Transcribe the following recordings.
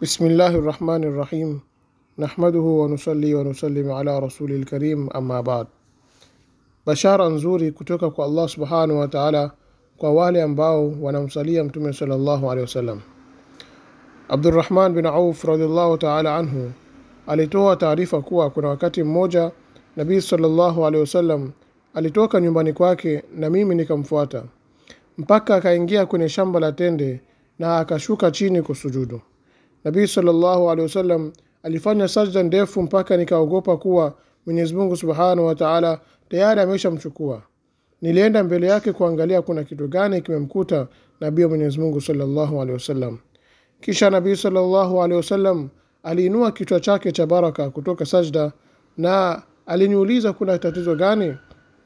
bismillahi rahmani rahim nahmaduhu wanusalli wanusallim ala rasuli lkarim amma bad. Bashara nzuri kutoka kwa Allah subhanahu wa taala kwa wale ambao wanamsalia Mtume sallallahu alaihi wasallam. Abdurrahman bin Auf radhiallahu taala anhu alitoa taarifa kuwa kuna wakati mmoja Nabii sallallahu alaihi wasallam alitoka nyumbani kwake na mimi nikamfuata mpaka akaingia kwenye shamba la tende na akashuka chini kusujudu. Nabii sallallahu alaihi wasallam alifanya sajda ndefu mpaka nikaogopa kuwa Mwenyezi Mungu subhanahu wa taala tayari ameshamchukua. Nilienda mbele yake kuangalia kuna kitu gani kimemkuta nabii wa Mwenyezi Mungu sallallahu alaihi wasallam. Kisha nabii sallallahu alaihi wasallam aliinua kichwa chake cha baraka kutoka sajda na aliniuliza kuna tatizo gani?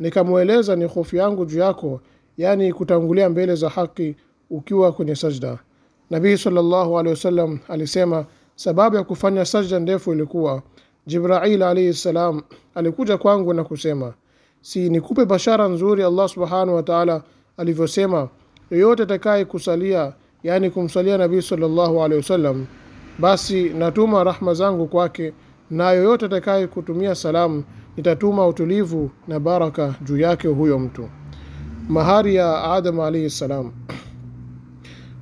Nikamweleza ni hofu yangu juu yako, yaani kutangulia mbele za haki ukiwa kwenye sajda. Nabii sallallahu alaihi wasallam alisema sababu ya kufanya sajda ndefu ilikuwa Jibrail alaihi salam alikuja kwangu na kusema, si nikupe bashara nzuri Allah subhanahu wa taala alivyosema, yoyote atakaye kusalia, yaani kumsalia Nabii sallallahu alaihi wasallam, basi natuma rahma zangu kwake, na yoyote atakaye kutumia salamu, nitatuma utulivu na baraka juu yake huyo mtu. Mahari ya Adam alaihi salam.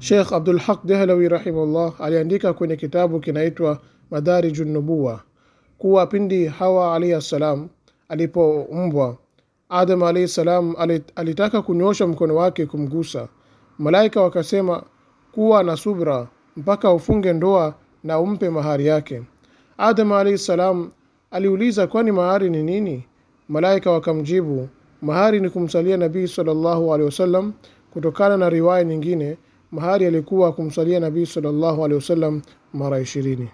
Sheikh Abdul Haq Dehlawi rahimahullah aliandika kwenye kitabu kinaitwa Madariju Nubuwa kuwa pindi Hawa alayhi salam alipoumbwa, Adam alayhi salam alitaka kunyosha mkono wake kumgusa. Malaika wakasema kuwa na subra mpaka ufunge ndoa na umpe mahari yake. Adam alayhi salam aliuliza, kwani mahari ni nini? Malaika wakamjibu, mahari ni kumsalia Nabii sallallahu alaihi wasallam, kutokana na riwaya nyingine mahari alikuwa kumswalia Nabii sallallahu alaihi wasallam mara ishirini.